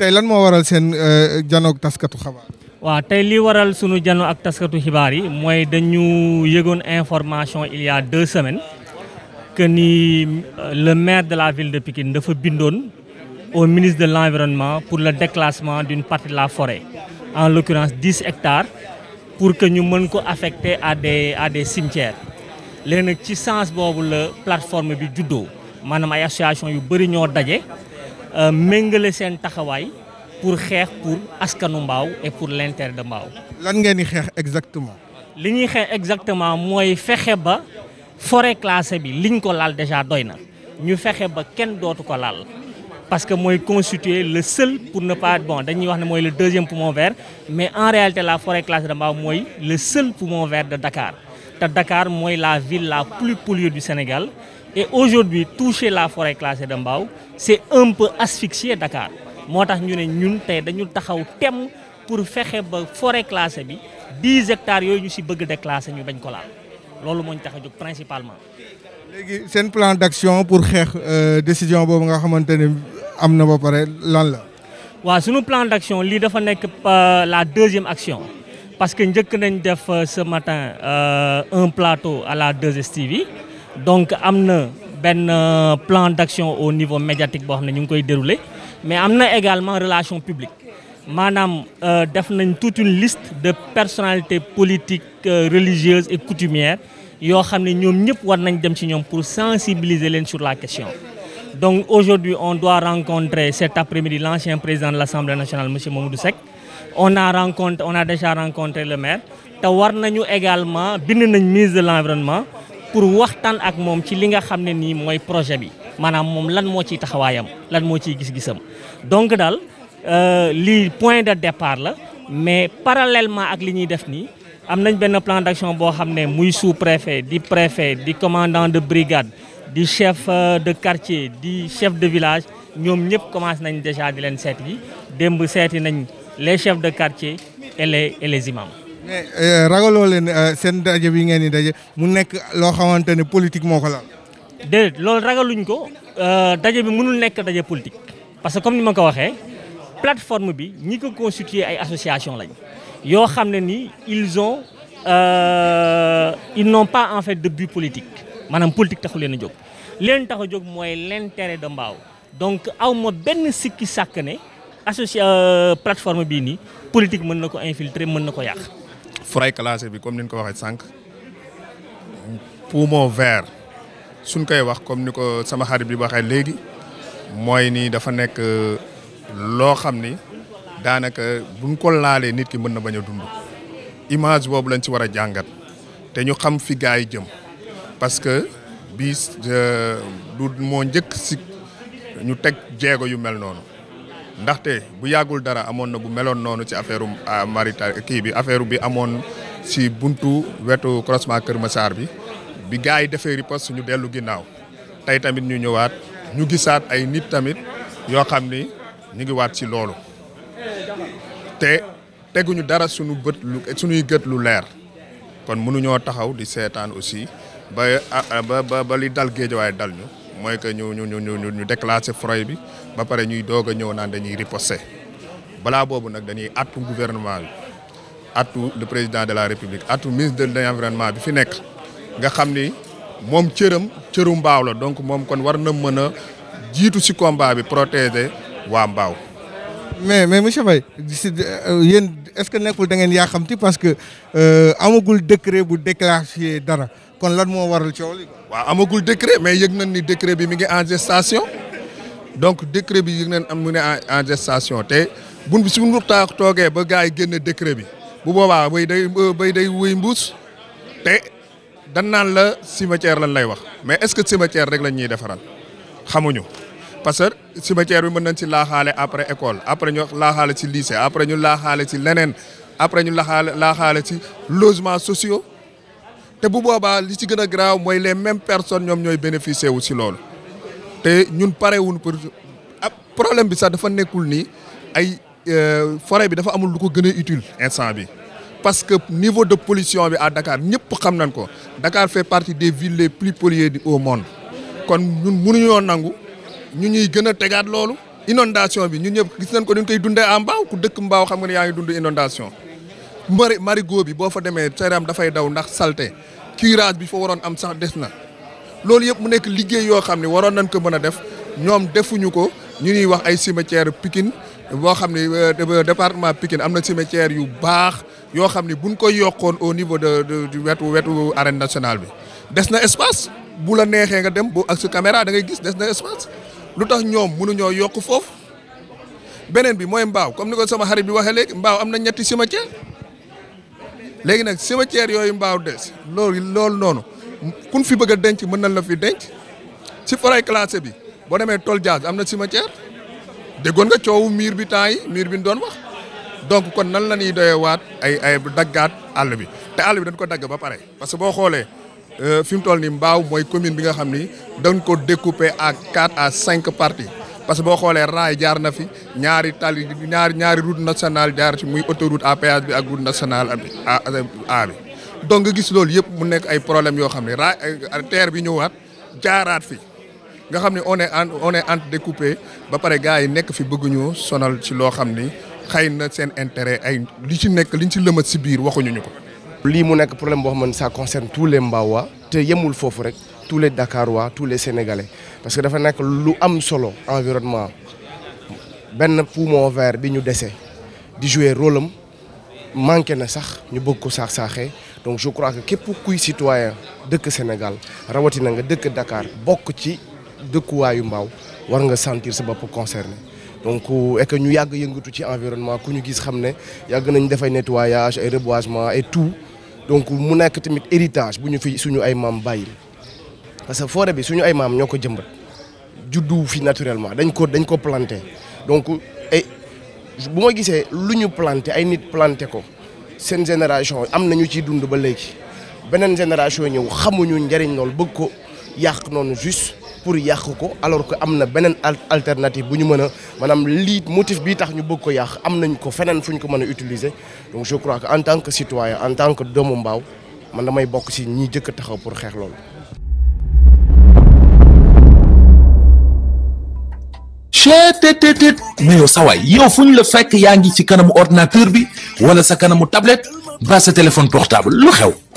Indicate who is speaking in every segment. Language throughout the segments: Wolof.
Speaker 1: tey lan moo waral seen euh, janoo ak taskatu xabaar.
Speaker 2: waaw tey li waral sunu janoo ak taskatu xibaar yi mooy dañu yëgoon information il y deux semaines que ni euh, le maire de la ville de Pikine dafa bindoon au ministre de l'environnement pour le déclassement d'une partie la forêt en l'occurrence dix hectares pour que ñu mën ko affecter à des à des cimetières nag ci sens boobu la plateforme bi juddoo maanaam ay association yu bëri ñoo daje. Euh, méngale seen taxawaay pour xeex pour askanu mbaaw et pour l'intérêt de mbaaw. lan ngeen di xeex exactement. li ñuy xeex exactement mooy fexe ba forêt classée bi liñ ko laal déjà doy na ñu fexe ba kenn dootu ko laal. parce que mooy constituer le seul pour ne pas bon dañuy wax ne mooy le deuxième poumon vert mais en réalité la forêt classée de Mbao mooy le seul poumon vert de Dakar te Dakar mooy la ville la plus polluée du Sénégal. Et aujourd'hui, toucher la forêt classée de Mbao, c'est un peu asphyxier Dakar. moo tax ñu ne ñun tey dañu taxaw tem pour fexe ba forêt classée bi 10 hectares yooyu ñu si bëgg déclassé ñu bañ ko laal loolu moo tax a jóg principalement. léegi
Speaker 1: seen plan d'action pour xeex euh, décision boobu nga xamante ne am na ba pare lan la.
Speaker 2: waaw suñu plan d'action lii dafa nekk euh, la deuxième action parce que njëkk nañ def euh, ce matin un plateau à la 2STV. donc am na benn euh, plan d'action au niveau médiatique boo xam ne ñu ngi koy dérouler mais am na également relation publique maanaam euh, def nañ tout une liste de personalité politique euh, religieuses et coutumières yoo xam ne ñoom ñëpp war nañ dem ci ñoom pour sensibiliser leen sur la question donc aujourd'hui on doit rencontrer cet après-midi l'ancien président de l'Assemblée nationale monsieur Mamadou Seck on a rencontré on a déjà rencontré le maire te war nañu pour waxtaan ak moom ci li nga xam ne nii mooy projet bi maanaam moom lan moo ciy taxawaayam lan moo ciy gis-gisam donc daal euh, lii point de départ la mais parallèlement ak li ñuy def nii am nañ benn plan d'action boo xam ne muy sous-préfet di préfet di commandant de brigade di chef euh, de quartier di chef de village ñoom ñëpp commencé nañ déjà di leen seet yi démb seeti nañ les chef de quartier et les et les imams mais
Speaker 1: euh, ragaloo leen euh, seen daje bi ngeen di daje mu nekk loo xamante ne politique moo ko laal.
Speaker 2: de loolu ragaluñ ko euh, daje bi mënul nekk daje politique parce que comme ni ma ko waxee plateforme bi ñi ko constituer ay association lañ yoo xam ne nii ils ont euh, ils n'ont pas en fait de but politique maanaam politique taxu leen a jóg. leen tax a jóg mooy leen l'intérêt de mbaaw donc aw ma benn sikki sàkk ne associé plateforme bii nii politique mën na ko infiltrer mën na ko yàq.
Speaker 3: fray classé bi comme ni nu ko waxee sànq poumon ver suñ koy wax comme ni ko sama xarit bi waxee léegi mooy nii dafa nekk euh, loo xam ni daanaka buñ ko laalee nit ki mën na bañ a dund image boobu lañ ci war a jàngat te ñu xam fi gars yi jëm parce que bii euh, du moo njëkk si ñu teg jéego yu mel noonu ndaxte bu yàggul dara amoon na bu meloon noonu ci affaire um, ah, marita kii bi affaire bi amoon si buntu wetu croisement Kër Massar bi bi gars yi defee riposte ñu dellu ginnaaw tey tamit ñu ñëwaat ñu gisaat ay nit tamit yoo xam ni ñu ngi waat ci loolu te teguñu dara suñu suñuy gët lu leer kon mënuñoo taxaw di seetaan aussi ba ah, ba ba li dal géejawaay dal ñu mooy que ñu ñu ñu ñu ñu déclassé Foray bi ba pare ñuy doog a ñëw naan dañuy riposter balaa boobu nag dañuy attu guvernement bi attu le président de la république attu ministre de l'environnement bi fi nekk nga xam ni moom cëram cëru mbaaw la donc moom kon war na mën a jiitu si combat bi protéger waa mbaaw. mais mais monsieur
Speaker 1: Mbaye euh, yéen est-ce que nekkul da ngeen yaa xamti parce que euh, amagul décret bu
Speaker 3: déclassifier dara kon lan moo waral coow li. waaw amagul décret mais yëg nañ ni décret bi mi ngi en gestation donc décret bi yëg nañ am mu ne en gestation te buñ suñu toogee ba gars yi génne décret bi bu boobaa bay day bay day wuy mbuus te dan naan la cimetière lan lay wax mais est-ce que cimetière rek lañ ñuy defaral xamuñu. parce que cimetière bi mën nañ ci laaxaale après école après ñu laaxaale ci lycée après ñu laaxaale ci leneen après ñu laaxaale laaxaale ci logement sociaux te bu boobaa li ci gën a graaw mooy les mêmes personne ñoom ñooy bénéficier wu si lool te ñun parewuñ pour ah, problème bi sax dafa nekkul nii ay euh, forêt bi dafa amul lu ko gën a utile instant bi parce que niveau de polition bi à Dakar ñëpp xam nañ ko Dakar fait partie des villes les plus polluées au monde kon ñun ñu ñuy gën a tegaat loolu inondation bi ñu ñëpp gis nañ ko ni ñu koy dundee à mbaaw ku dëkk mbaaw xam nga ne yaa ngi dund inondation mari marigot bi boo fa demee am dafay daw ndax salte curage bi foo waroon am sax des na loolu yëpp mu nekk liggéey yoo xam ni waroon nañ ko mën a def ñoom defuñu ko ñu ñuy wax ay cimetière Pikine boo xam ne euh, département Pikine am na cimetière yu baax yoo xam ne buñ koy yokkoon au niveau de du wetu wetu arène nationale bi des na espace bu la neexee nga dem bu ak sa caméra da ngay des na lu tax ñoom mënuñoo yokk foofu beneen bi mooy mbaaw comme ni ko sama xarit bi waxee léegi mbaaw am na ñetti cimetière léegi nag cimetière yooyu mbaaw des loolu loolu noonu kun fi bëgg a denc mën na la fi denc si forêt classée bi boo demee tool jaas am na cimetière déggoon nga coowu miir bi temps yi miir bi ñu doon wax donc kon nan la ñuy doyewaat ay ay daggaat àll bi te àll bi dañ ko dagg ba pare parce que boo xoolee. Euh, fi mu toll nii Mbao mooy commune bi nga xam ni dañ ko découper à quatre à cinq parties parce que boo xoolee raay jaar na fi ñaari tali ñaari ñaari route nationale jaar ci muy autoroute à péage bi ak route nationale A donc nga gis loolu yëpp mu nekk ay problèmes yoo xam ne raay euh, terre bi ñëwaat jaaraat fi nga xam ne on est en on est ba pare gars yi fi bëgguñu sonal si loo xam ni xëy na seen intérêt ay li ci nekk liñ ci lëmat si biir waxuñu ñu ko. lii mu nekk problème boo xam
Speaker 1: ne ça concerne tous les waa te yemul foofu rek tous les Dakarois tous les Sénégalais parce que dafa nekk lu am solo environnement benn poumon vert bi ñu desee di jouer rôle am manqué na sax ñu bokk ko saax saaxee donc je crois que képp kuy citoyen dëkk Sénégal rawatina nga dëkk Dakar bokk ci dëkkuwaayu mbaaw war nga sentir sa bopp concerné donc euh, et ñu yàgg yëngatu ci environnement ku ñu gis xam ne yàgg nañ dafay nettoyage ay reboisement donc mu nekk tamit héritage bu ñu fi suñu ay maam bàyyil parce que forêt bi suñu ay maam ñoo ko ju juddu fi naturellement dañ ko dañ ko planté donc ay bu ma gisee lu ñu planté ay nit planté ko seen génération am na ñu ciy dund ba léegi beneen génération ñëw xamuñu njëriñ loolu bëgg ko yàq noonu juste. pour yàqu ko alors que am na beneen alternative bu ñu mën a maanaam lii motif bii tax ñu bëgg ko yàq am nañ ko feneen fu ñu ko mën a utiliser donc je crois que en tant que citoyen en tant que doomu mbaaw man damay bokk ci ñi jëkk taxaw pour xeex loolu. chetetetet mais yow sa waay yow fu ñu la fekk yaa ngi ci kanamu ordinateur bi wala sa kanamu tablet ba sa téléphone portable lu xew.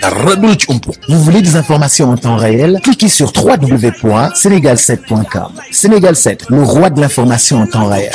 Speaker 1: dara du la Vous voulez des informations en temps réel? Cliquez sur www.senegal7.com.
Speaker 2: Sénégal 7, le roi de l'information en temps réel.